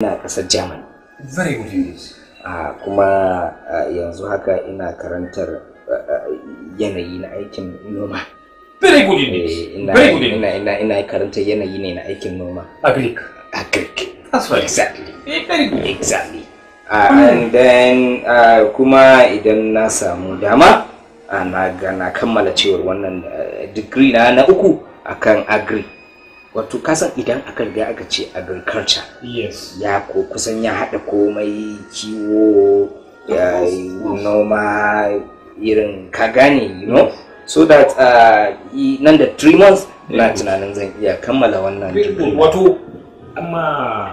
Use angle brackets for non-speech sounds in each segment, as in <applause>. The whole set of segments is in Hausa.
ina ƙasar germany very good news ah, kuma uh, yanzu haka ina karantar yanayi na aikin noma very good news eh, ina, very good ina, ina, ina karantar yanayi ne na aikin noma agric agric that's right exactly eh, very good exactly uh, and then uh, kuma idan na samu dama ana ga na kammala cewar wannan eh, degree na na uku akan agric wato kasan idan aka riga aka ce agriculture yes ya ko kusan ya haɗa komai kiwo ya noma irin ka gane you know so that uh, nan da 3 months na tunanin zan iya kammala wannan wato amma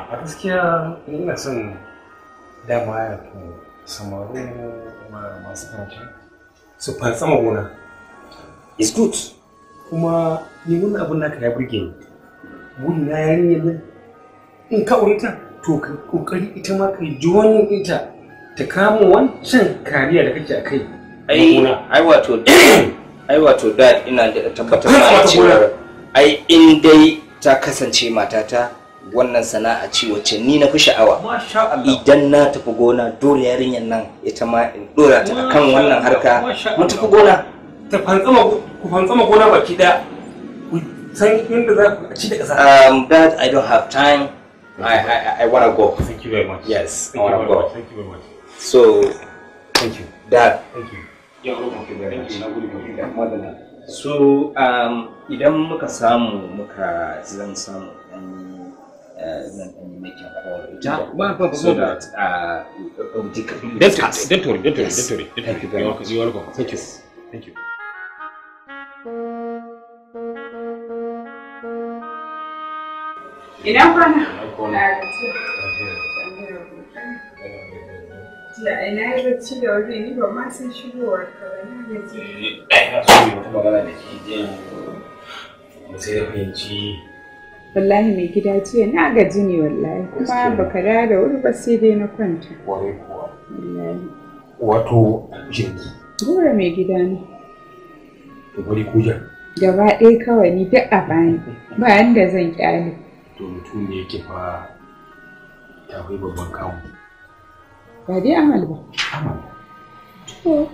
a gaskiya ina son dama ya ku samaru masu kanci su fantsama gona is good kuma ni wannan abun naka ya burge ni guri na yarinyar nan in ka aure ta to ka kokari ita ma ka ji wani ita ta kama wancan kariya da kake a kai ai ai wato ai wato da ina da tabbatar da cewa ai in dai ta kasance matata wannan sana'a ce wacce ni na fi sha'awa idan na tafi gona dole yarinyar nan ita ma in dora ta kan wannan harka mu tafi gona ta ku fantsama gona baki daya san inda za ku ci da ƙasa. Um, that I don't have time. I, I, I want to go. Thank you very much. Yes, Thank I want to go. Much. Thank you very much. So, Thank you. Dad. Thank you. thank you So, um, idan muka samu muka zan samu eh, zan ɗan yi making call ita so that Don't worry, don't worry, don't worry. Thank you very much. You're welcome. Thank you. Thank you. Ina kwana? Na gaci. da wuri ba ma na gaci. Ina so wata magana da sai fahimci. Wallahi mai gida jiya na gaji ne wallahi kuma baka dawo da wuri ba sai dai na kwanta. Wato Gora mai gida ne. Gaba ɗaya kawai ni duk a bani ba yanda zan kyale. to mutum ne yake fa ta kai babban kawo ba dai amal ba amal to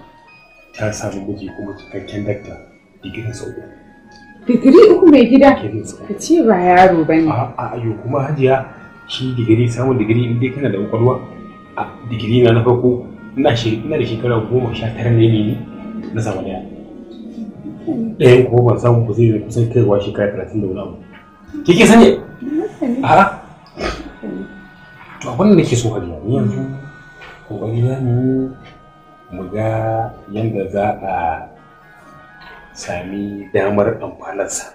ta samu miji kuma cikakken dakta digirin sau uku digiri uku mai gida ka ce ba yaro ba ne a ayo kuma hajiya shi digiri samun digiri inda kana da kwakwalwa a digiri na na farko ina da shekara goma sha tara ne ne na samu daya hmm. ɗayan kuma ban samu ba zai kusan kaiwa shekara talatin da wani abu ke ke sani a to abin da nake so hali ni yanzu kokari na ne mu ga yadda za a sami damar amfanarsa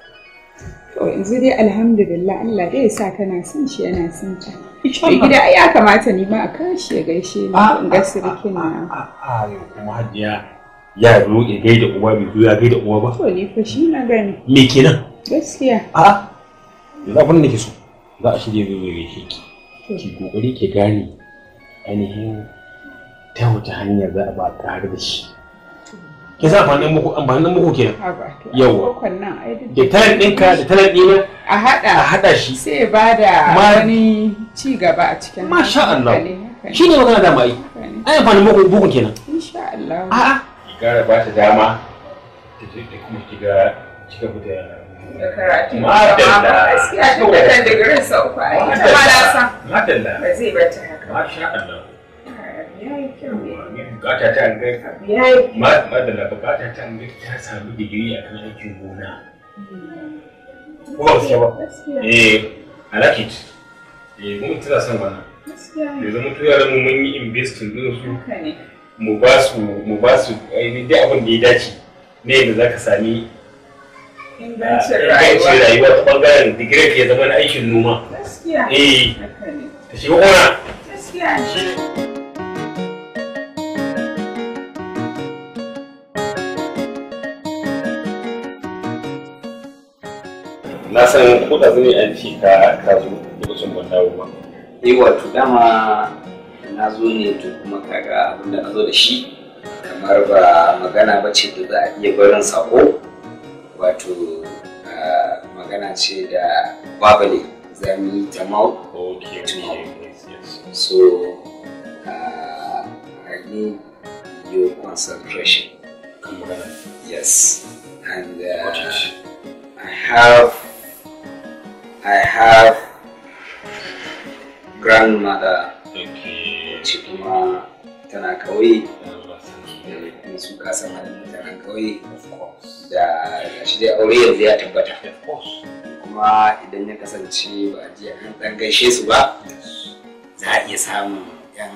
to yanzu dai alhamdulillah Allah dai ya sa kana son shi yana son ta gida ya kamata ni ma a kashi ya gaishe ni in ga sirkin na a yau kuma hajiya ya zo ya gaida uwa bai zo ya gaida uwa ba to ni fa shi na gani me kenan gaskiya a'a yanzu abin da ke so za a shirya zuwa ga shi ki kokari ki gane ainihin ta wata hanyar za a ba tare da shi ki sa amfanin muku amfanin muku ke yawa da tarin ɗinka da tarin ɗina a haɗa a haɗa shi sai ba da wani ci gaba a cikin masha Allah shi ne magana dama yi ai amfanin muku bugun kenan insha Allah a'a ki kara ba ta dama ta kuma ki ga cika da da karatu madalla gaskiya duk da kan digirin sau fa ita ma na san madalla ba zai bar ta haka masha Allah yayi kyau ne bukata ta ga yayi madalla bukata ta ga ta samu digiri akan aikin gona ko ba su ba eh alakit eh mun tana san wannan da zama to yaran mu mun yi investing din su mu ba su mu ba su ainihin eh, duk abin da ya dace ne za ka sami ingancin rayuwa rayuwa ta bangaren digireti ya zama na aikin noma gaskiya eh ta shiga gaskiya ne na san ko da an ci ka ka zo lokacin ban dawo ba eh wato dama na zo ne to kuma kaga abin na zo da shi kamar ba magana ba ce da za a iya barin sako wato ah, magana ce da babali za mu yi ta mau so uh, I need your concentration yes and uh, I have I have grandmother okay. wacce kuma tana kawai. da su kasan halin kauye da shi dai aure yanzu ya tabbata kuma idan ya kasance ba a jiya an dan gaishe su ba za a iya samun yan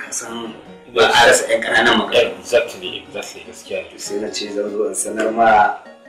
kasan ba a rasa yan ƙananan magana exactly exactly gaskiya sai na ce zan zo in sanar ma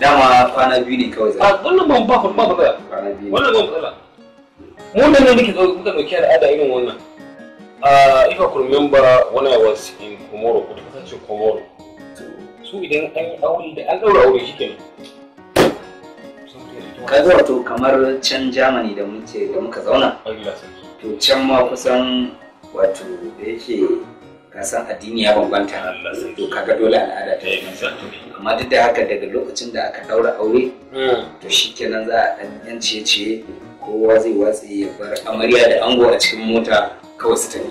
dama kwana biyu ne kawai zai ah, wannan ba ba wannan matsala mu nan ne muka dauki al'ada irin wannan ah, if I could remember when I was in ko ta su idan an yi aure da an daura aure shi kenan ka zo wato kamar can Germany da muke da muka zauna to can ma kusan wato da yake ka san addini ya bambanta to kaga dole al'ada ta amma duk da haka daga lokacin da aka daura aure to shikenan za a dan yan ciye-ciye kowa zai watsi ya bar amarya da ango a cikin mota kawai su tafi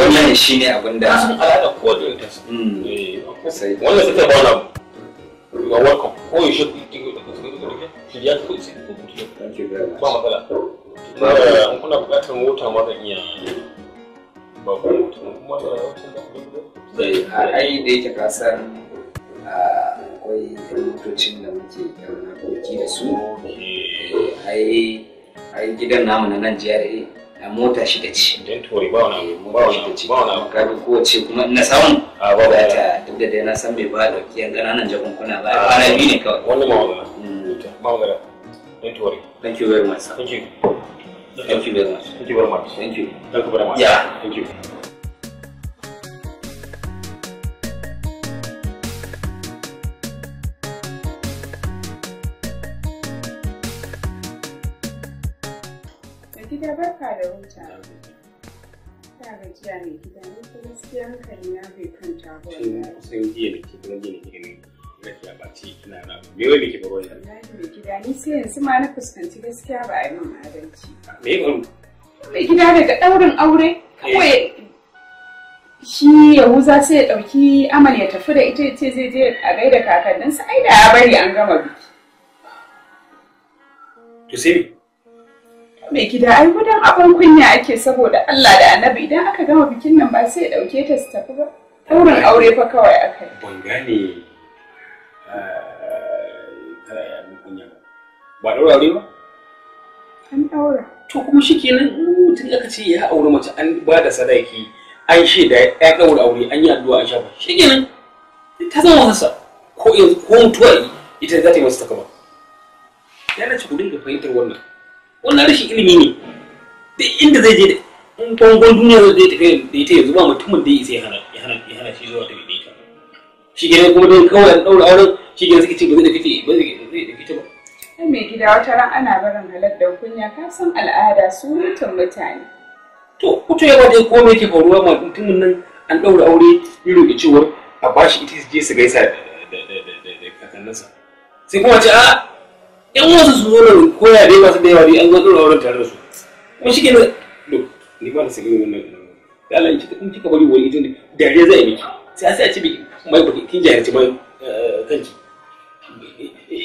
wannan shi abin da wannan suka ba na ko ya shi ya ba kuna bukatar mota ma iya ba ai da yake ka akwai motocin da muke yan da su eh. ai gidan namu na nan jiyar a mota shi da don ba wani kuma na samu ba ba ta duk da na san ba ba biyu ne kawai wani mm. don tori thank you very much thank you Thank you very much. Thank you very much. Thank you. Thank you very much. Yeah. Thank you. gida barka da wuta. Ta gajiya gida na bai kwanta da gaskiya ba ina na me wani ke baro yanzu mai gida ni sai yanzu ma na fuskanci gaskiya ba a yi min adalci me baro mai gida daga daurin aure kawai shi yahuza sai ya dauki amal ya tafi da ita ce zai je a gaida kakanninsa ai da ya bari an gama biki to sai mai gida ai gudan abin kunya ake saboda Allah da annabi idan aka gama bikin nan ba sai ya dauke ta su tafi ba daurin aure fa kawai aka yi ban gane kana ya abin kunya ba ba daura ba an daura to kuma shikenan mutum aka ce ya aure mace an ba da sadaki an shaida ya daura aure an yi addu'a an shafa shikenan ta zama wasa ko yanzu ko mutuwa ita za ta yi masa takaba ya dace ku dinga fahimtar wannan wannan rashin ilimi ne duk inda zai je in bangon duniya zai je tafiya da ita yanzu ba mutumin da ya isa ya hana shi zuwa ta ita shi gidan kuma don kawai an ɗaura auren shi yanzu kici ba zai da kici ba zai da kici ba kai mai gida wata ran ana barin halar da kunya ka san al'ada surutun mutane to kuto yawa dai ko me yake faruwa ma mutumin nan an daura aure ya roƙi cewar a bashi ita je su gaisa da kakanninsa sai kuma ce a yan wasu su zo nan koya dai masu da yawa dai an zo daura auren tare da su kuma shi nan to ni ba da sakin wannan dalan ki in kika bari wani idan dare yi miki sai a sai a ci mai kuɗi kin jahilci mai eh, kanki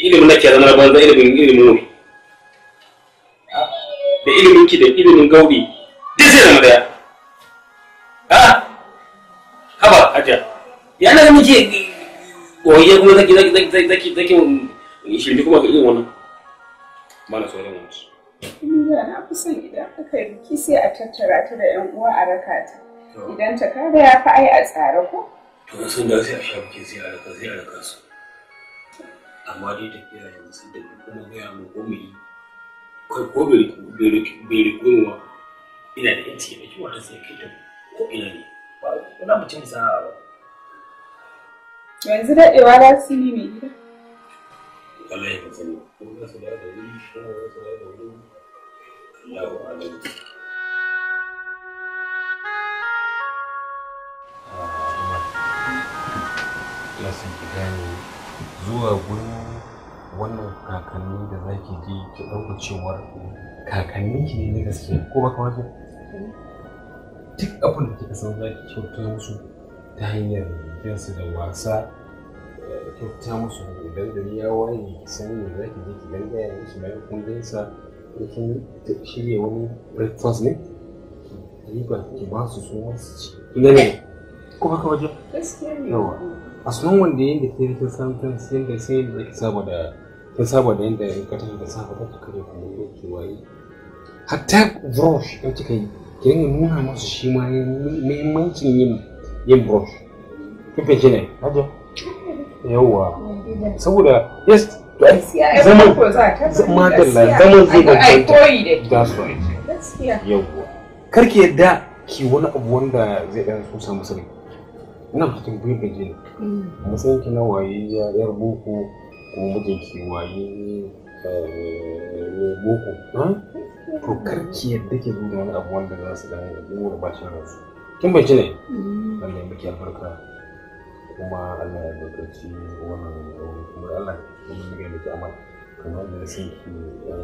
ilimin na ke na banza ilimin ilimin wuri da ilimin ki da ilimin gauri duk zai zama daya ha haba ajiya ya na zama ke koyi kuma zaki zaki zaki zaki zaki shirme kuma ka iya wannan ba na sauran wannan Ina na kusan idan aka yi biki sai a tattara ta da 'yan uwa a raka ta. Idan ta kada ya fi ai a tsare ko? To sun da sai a sha biki sai a raka sai a raka su. amma dai tafiya yanzu kuma gaya mu ko mu yi kai ko bai rikowa ina da yanci ya ɗauki wata sai kai ko ina ne ba wani mutum sa'a ba yanzu daɗewa na su ne mai gida wallahi ba sani ko za su da wuri ko su da wuri alam ah, zuwa gurin wannan kakanni da zaki ji ki ɗauka cewar kakanni ki ne na gaske ko ba kamar duk abin da kika san zaki kyauta musu ta hanyar jinsu da wasa kyauta musu da da ya waye ki san me zaki je ki gangaya musu bayan kun gaisa kin shirya wani breakfast ne ba ki ba su su ci ne ko ba kamar gaskiya ne yawa a sunan wanda yin da ke kin san kan sai da sai da ke saba da kin saba da yanda ka tafi da saba da kake da kuma ke waye hatta brush in kika yi ki ringa nuna masu shi ma muhimmancin yin yin brush kin fice ne hajo yawwa saboda yes to ai zaman zaman zaman zai da kanta that's right yawwa karki yadda ki wani abu wanda zai ɗan so samu sirri ina fatan bai gaje ne matsayin ki na waye ya yar boko ko mijin ki waye ne eh, boko to kar ki yadda ke zuwa wani abu wanda za su dan gura bacin ransu kin bai ne mm. Allah ya miki albarka kuma Allah ya albarkaci wannan aure kuma Allah ya miki miki amal kamar da sai ki da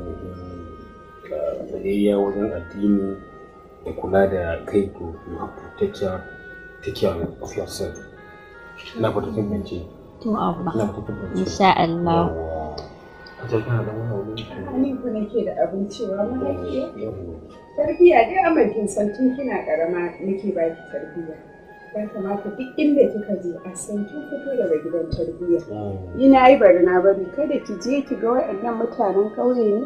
eh, tsayayya wajen addini da kula da kai to ki haƙurtacciya take care of yourself na fata kin bance to abba na fata kin bance insha Allah ta kana wani ku nake da abin cewa mun eh, yake tarbiya dai amma kin san tun kina karama nake ba ki tarbiya ya kamata duk inda kika je a san kin fito daga gidan tarbiya hmm. ina yi barna bari kada ki je ki ga waɗannan mutanen ƙauye ne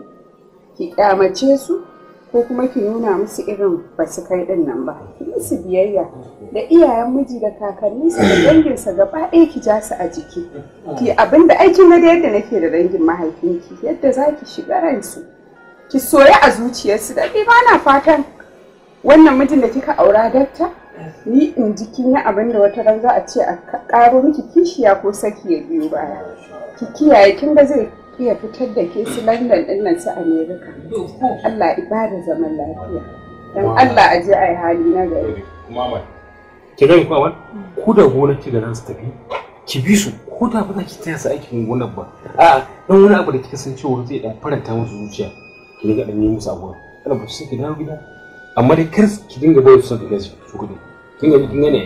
ki ƙyamace su ko kuma ki nuna musu irin ba su kai din nan ba ki su biyayya da iyayen miji da kakanni su da danginsa gaba ɗaya ki ja su a jiki ki abin da aikin na da yadda nake da dangin mahaifinki yadda za ki shiga ransu ki soya a zuciyarsu da ni ba na fatan wannan mijin da kika aura datta ni in ji kin yi abin wata ran za a ce a karo miki kishiya ko saki ya biyo baya ki kiyaye kin ba zai iya fitar da ke su London din nan su Amerika. Allah ibada zaman lafiya. Dan Allah a je a yi hali na gari. Ki gani kuma wani ku da gona ki da nan su tafi ki bi su ko da ba za ki taya su aikin gonar ba. A'a dan wani abu da kika san cewa zai dan faranta musu zuciya ki dinga dan yi musu abuwa. Kana ba su ki dawo gida amma dai kar ki dinga bayar su da gaji su kudi. Kin gani kin gane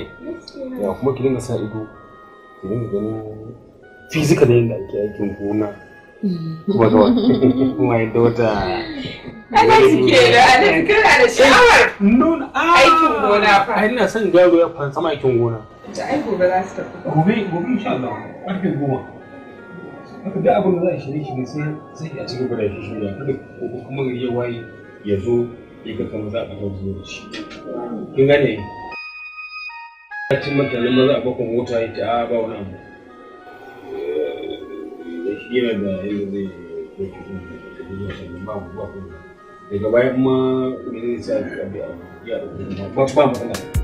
ya kuma ki dinga sa ido ki dinga ganin fizika da yin da ake aikin gona kuma ga mai dota Anas ke da Anas kana da sha'awar nun ah, aikin gona fa ai ina son garo ya fansa sama aikin gona da ai gobe za su tafi gobe gobe insha Allah karfe 10 haka da abin da za a shirye shi ne sai sai a ci gaba da shi shirya kada kuma ya waye ya zo ya ga kamar za a ga zuwa shi kin gane ya ci mutanen maza a bakon mota ya ta ah, ba wani abu kila da yadda zai ɗauki kuma da shi ba ba daga bayan ma ne sai a bi a ba ba matsala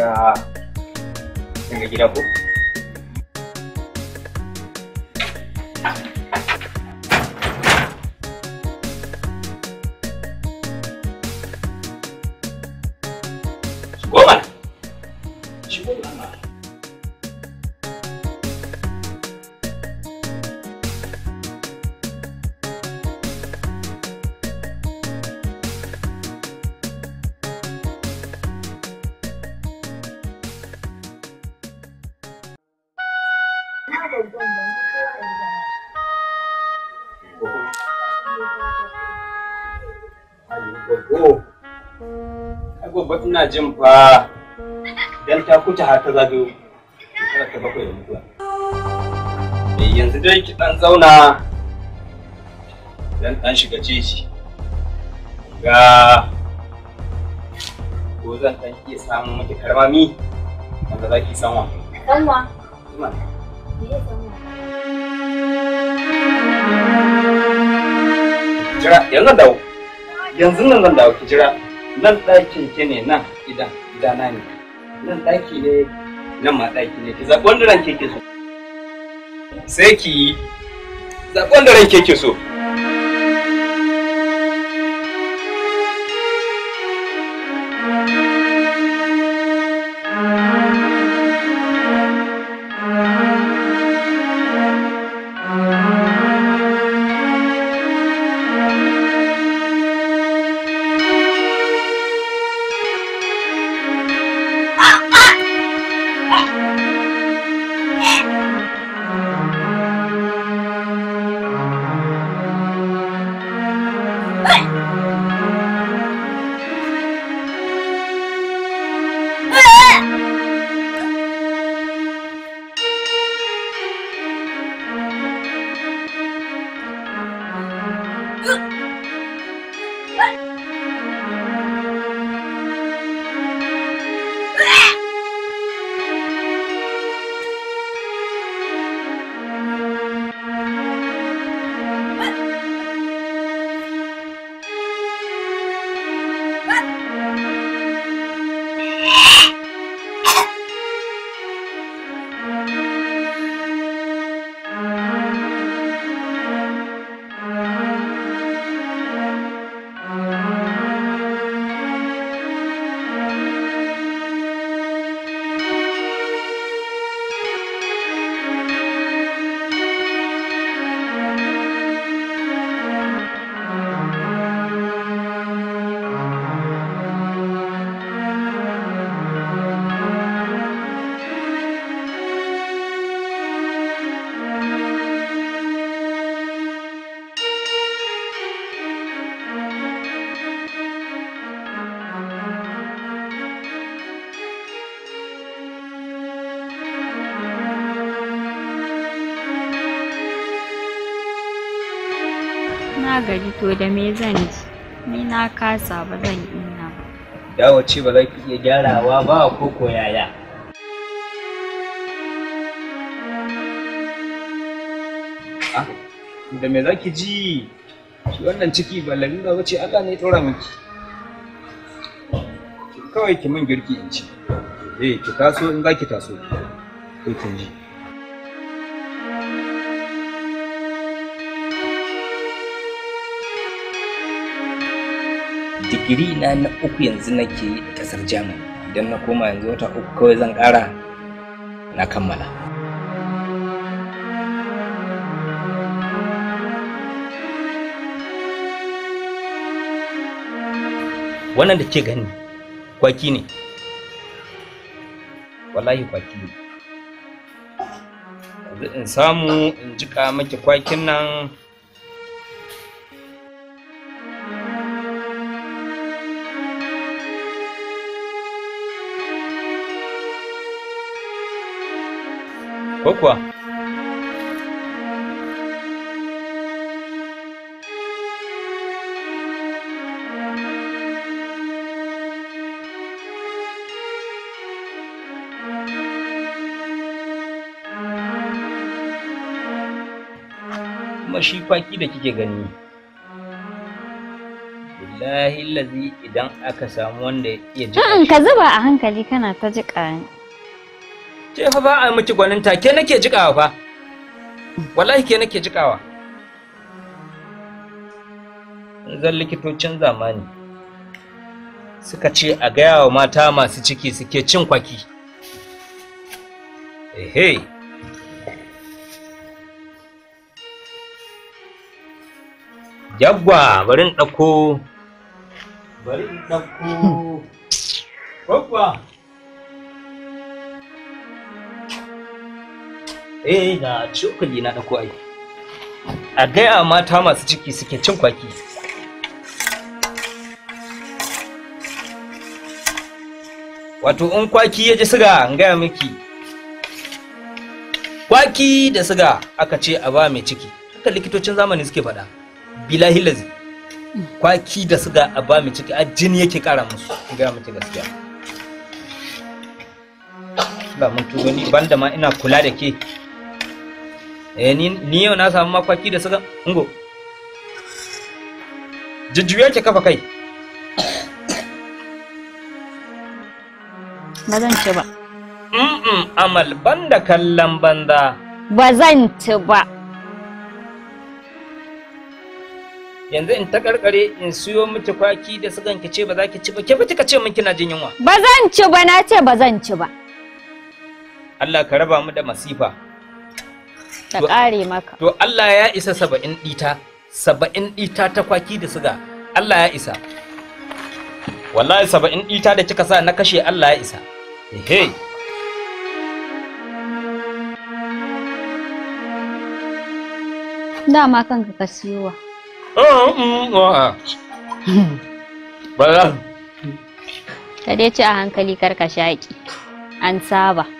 Dadah. Sampai aku ina jin fa dan ta kuta har ta zagayo kana ta bakwai da mutuwa eh, yanzu dai ki dan zauna dan dan shiga ceci ga ko zan dan iya samu miki karmami wanda za ki sanwa wa. kuma jira yanzu dawo yanzu nan zan dawo ki jira nan ɗakin ke ne nan idan gidana ne nan ɗaki ne nan ma ɗaki ne ki zaɓi wanda ranke ke so sai ki yi zaɓi wanda ranke ke so gari gaji to da me zan ji ni na kasa ba zan iya ba dawo ce ba za ki iya gyarawa ba ko ko yaya ah, da me za ki ji shi wannan ciki ba lalura ba ce Allah ne tsora miki kawai ki min girki in ci eh ki taso in za ki taso ko kin ji digiri na na uku yanzu nake kasar Germany idan na koma yanzu wata uku kawai zan ƙara na kammala wannan da ke gani kwaki ne wallahi kwaki ne in samu in jika maki kwakin nan ko kuma shi kwaki da kike gani billahi lazi idan aka samu wanda ya ji ka zuba a hankali kana ta jiƙa ke fa ba a miki gwaninta ke nake jikawa fa wallahi ke nake jikawa zan likitocin zamani suka ce a gaya wa mata masu ciki suke cin kwaki ehe yagwa bari in ɗauko bari in ɗauko yagwa eh ga cokali na ɗauko ai a gaya mata masu ciki suke cin kwaki wato in kwaki ya ji siga in gaya miki kwaki da siga aka ce a ba mai ciki haka likitocin zamani suke faɗa bilahi lazi kwaki da siga a ba mai ciki a jini yake kara musu in gaya miki gaskiya ba mun tuni banda ma ina kula da ke Eh, ni yau na samu makwaki da suka ungo jujjuya ke kafa kai ba zan ci ba amal banda kallon banza ba zan ci ba yanzu in ta karkare in siyo miki kwaki da sugan ki ce ba za ki ci ba ke kika ce min kina jin yunwa ba zan ci ba na ce ba zan ci ba Allah ka raba mu da masifa ta ƙare maka to Allah ya isa saba'in ɗita saba'in ɗita ta kwaki da siga Allah ya isa wallahi saba'in ɗita da kika sa na kashe Allah ya isa ehe ma kanka ka siyowa oh, mm, mm, ah. <laughs> ba za ka dai ci a hankali karka shaƙi an saba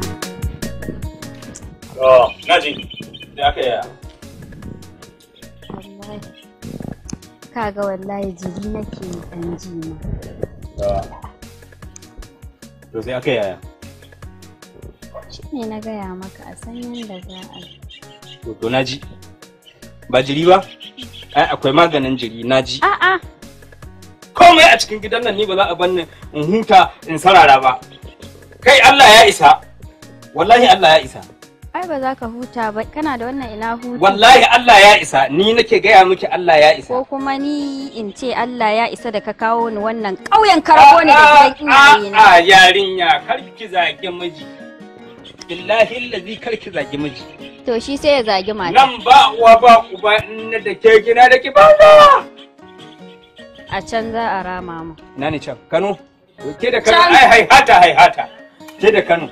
Naji, da aka yaya. Wallahi, kaga wallahi jiri nake dan ji ma. To sai aka yaya. Shi ne na gaya maka a san yadda za a yi. To, to naji. Ba jiri ba? Ai, akwai maganin jiri, naji. A'a. Komai a cikin gidan nan ni ba za a banni in huta in sarara ba. Kai Allah ya isa. Wallahi Allah ya isa. ai ba za ka huta ba kana da wannan ina huta wallahi Allah ya isa ni nake gaya miki Allah ya isa ko kuma ni in ce Allah ya isa da ka kawo ni wannan ƙauyen karabo ne da gidan ah, ah, iyaye ne. a ah, yarinya karki zage miji billahi allazi karki zage miji to shi sai ya zage mata nan ba uwa ba uba in da ke gina da ki ba a can za a rama mu na ni can Kano ke da Kano ai haihata haihata ke da Kano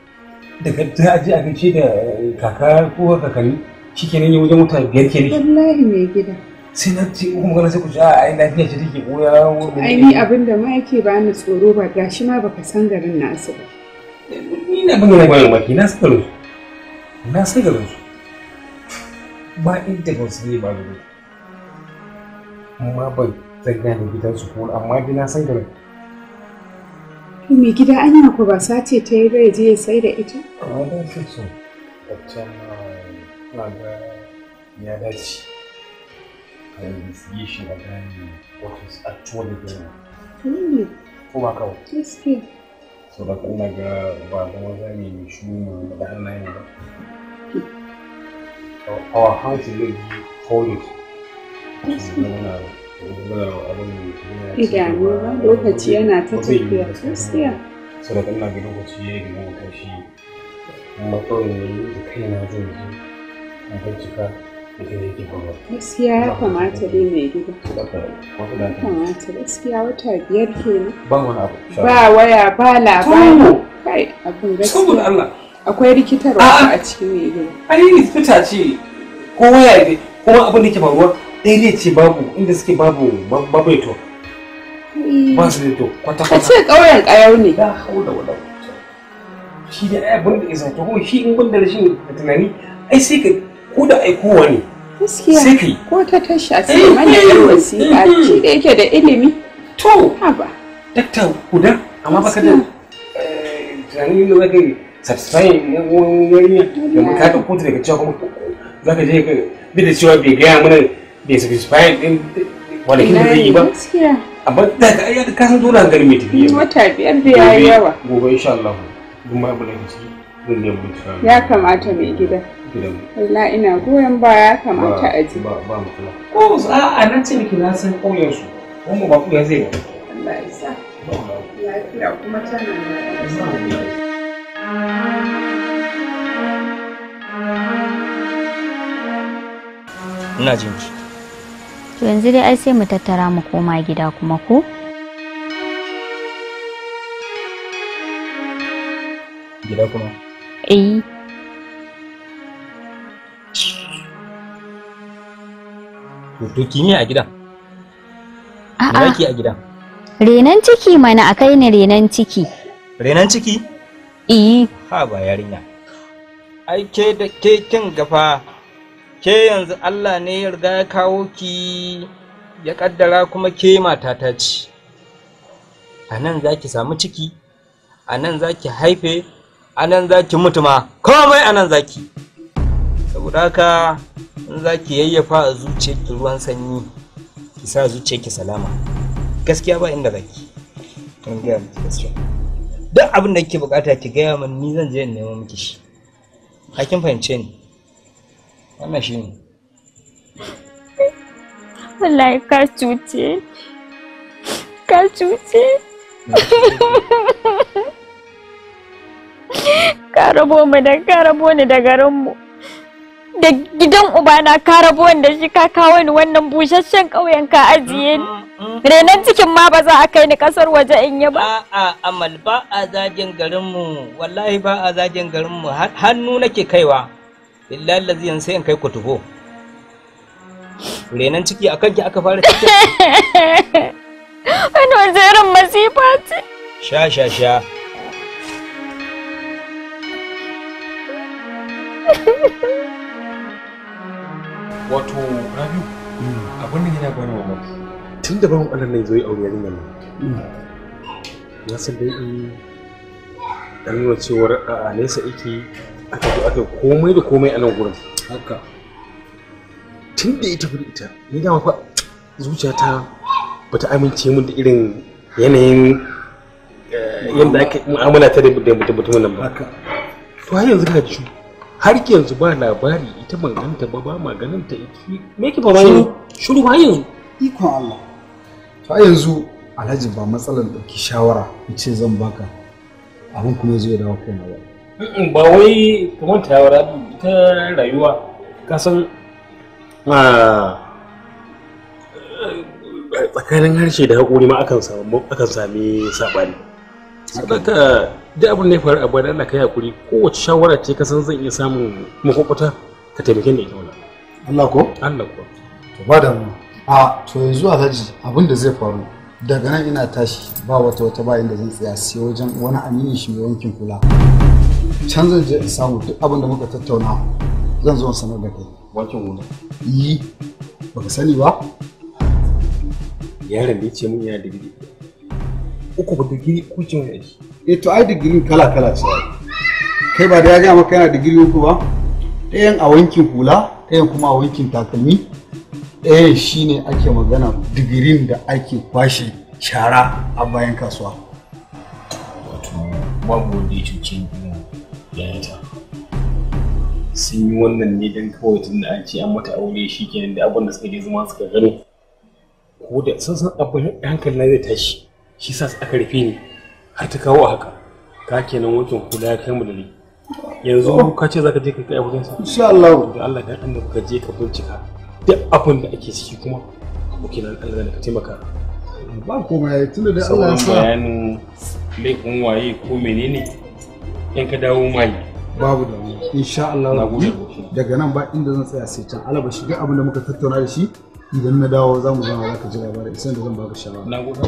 daga ta aji a gaci da kaka ko kakanni shi ke nan yi wajen wata biyar ke ne. Wallahi mai gida. Sai na ce kuma gana sai ku ja ai lafiya ce take koya. Ai ni abin da ma yake ba ni tsoro ba gashi ma baka san garin nasu ba. Ni na bin wani bayan maki na san su. Na san su. Ba inda ba su ne ba garin. Amma ban zan gane gidansu ko amma dai na san garin. Mai gida anya ku ba sace ta yi bai je ya sai da ita? I don't think so. si ah, na ga ya dace. Ka yi shi na gani what is actually going on. Ko ba kawai? Gaskiya. So da kuma ga ba da maza ne mai shuni da Allah ya ba. Hmm. Our house is idanu ba lokaci yana ta tafiya sosai saboda Allah lokaci ya yi amma kawai ne da na gaskiya ya kamata dai mai gida ya kamata gaskiya wata biyar ke ne ba wani abu ba waya ba labari kai abin gaskiya akwai rikitarwa a cikin mai gida ai ne fita ce ko waya ne kuma abin da ke faruwa ɗaya eh, ce babu inda suke babu babu ito hmm. ba su ito kwata kwata ce ƙauyen ƙayau ne da haula wala shi da abin da isa to kuma shi in ban da tunani ai sai ka ko da aikowa ne gaskiya ko ta a eh, cikin mana eh, yin wasiƙa shi da yake da ilimi to haba dakta guda amma baka da tunanin da zaka yi satisfying yan uwan yarinya da ka ɗauko daga cewa kuma zaka je ka bi da cewa bai gaya mana bai satisfying din wani da zai yi ba amma da ka ayyar ka san dole hankali mai tafiya wata biyar da ya yi yawa gobe insha Allah abu da zan je mu ya kamata mai gida Allah ina goyon ba ya kamata a ji ba ba mutula ko a nan ce miki na san kauyen su kuma ba ku ya zai Allah ya sa lafiya to yanzu dai ai sai mu tattara mu koma gida kuma ko gida kuma eh to kimi a gida? a'a a gida? renan ciki mana akai ne renan ciki renan ciki eh ha ba yarinya ai ke da ke kin gafa ke yanzu Allah ne ya riga ya kawo ki ya ƙaddara kuma ke matata ce a nan za samu ciki a nan za haife a nan za ki mutu ma komai a nan za ki saboda ka in za ki yayyafa a zuciyarki ruwan sanyi ki sa zuciyarki salama gaskiya ba inda za ki duk abin da kike bukata ki gaya min ni zan je in nemo miki shi a kin fahimce ni wannan shi ne wallahi ka cuce ka cuce ka rabo mu da ka rabo ni da garinmu da gidan ubana ka rabo wanda da shi ka kawo ni wannan busasshen ƙauyen ka ajiye ni renan cikin ma ba za a kai ni kasar waje in yi ba a'a amal ba a zagin garinmu wallahi ba a zagin garinmu hannu nake kaiwa billahi lazi yanzu sai in kai kutubo renan ciki a kanki aka fara ciki <laughs> wani wajerin masifa ce sha sha sha <laughs> wato rabiu hmm. abin da yana bani mamaki tun da bawan allah zo yi aure yarinya nan hmm. na san dai in dan nuna cewar a nesa yake aka zo aka komai da komai a nan gurin haka tun da ita tafi ita ni dama fa zuciyata ba ta amince min da irin yanayin eh, yadda ake mu'amala ta da mutumin nan ba to har yanzu ka ji har yanzu ba labari ita ban ba ba maganin ta me ke ba yanzu shiru ba yanzu ikon Allah to yanzu Alhaji ba matsalar ɗauki shawara in ce zan baka abin kuma zai dawo kaina ba ba wai kamar ta yawar ta rayuwa kasan ah, eh, tsakanin harshe da haƙuri ma akan sami saɓani saboda duk abin da ya faru a bayan Allah kai haƙuri kowace shawara ce kasan zan iya samun makwakwata ka taimake ni ita wala Allah ko Allah ko to ba da mu a to yanzu a daji abin da zai faru daga nan ina tashi ba wata wata ba inda zan tsaya sai wajen wani amini shi mai wankin kula can zan je in samu duk abin da muka tattauna zan zo sanar da kai wankin gona yi baka sani ba yaron da ce mun yana digiri uku ba digiri uku ce wani shi eh to ai digiri kala kala ce kai ba da ya ga maka yana digiri uku ba ɗayan a wankin hula ɗayan kuma a wankin takalmi ɗayan shine ake magana digirin da ake kwashe shara a bayan kasuwa wato babu wanda ya cuce ni yayata sun yi wannan ne don kawai tun da an ce an mata aure shi ke da abin da suka je zama suka gano ko da sun san abin hankali na zai tashi shi sa aka rufe ni har ta kawo haka ka kenan wancan kula ya kai mu da ni yanzu oh. ka ce ka je ka kai abin sa insha Allah da Allah dan annabi ka je ka bincika duk abin da ake ciki kuma abokin kenan Allah ka taimaka ba tunda da Allah ya sa bayanin laifin waye ko menene in ka dawo mai babu da mu insha Allah daga nan ba inda zan tsaya sai can alaba shi abin da muka tattauna da shi idan na dawo za mu zama za ka ji labarin isan da zan baka shawara na gode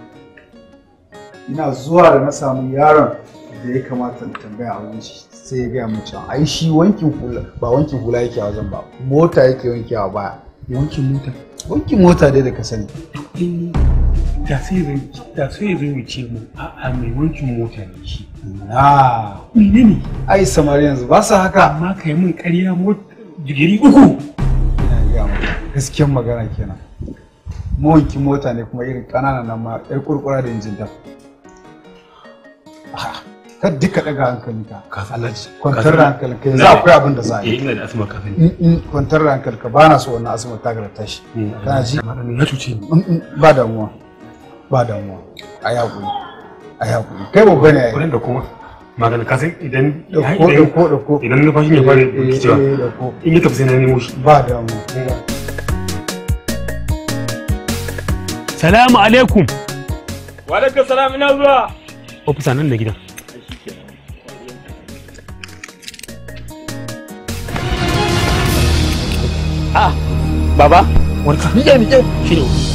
ina zuwa da na samu yaron da ya kamata na tambaya a wajen shi sai ya gaya mun cewa ai shi wankin hula ba wankin hula yake a wajen ba mota yake wanke a baya wankin mota wankin mota dai da ka sani eh, da su da zai wuce mu a'a mai wankin mota ne shi na mene ne ai samari yanzu ba su haka amma kai mun karya mota digiri uku gaskiyar magana kenan mawankin mota ne kuma irin ƙananan nan ma ƴar kurkura da injin ta kar duka daga hankalinka kwantar da hankalinka yanzu akwai abin da za a yi eh, ina da asma kafin mm, mm, kwantar da hankalinka ba na so wannan asma ta gara tashi mm. kana ji na cuce ni ba damuwa ba damuwa a yaƙuri a yaƙuri kai babba ne a yi da kuma maganin ka sai idan na fashin ya fara eh, eh, rikicewa in yi tafsir na nemo shi ba damuwa salamu alaikum wa alaikum salam ina zuwa ofisa nan ne gidan Aa, ah, baba warka miƙe miƙe shi ne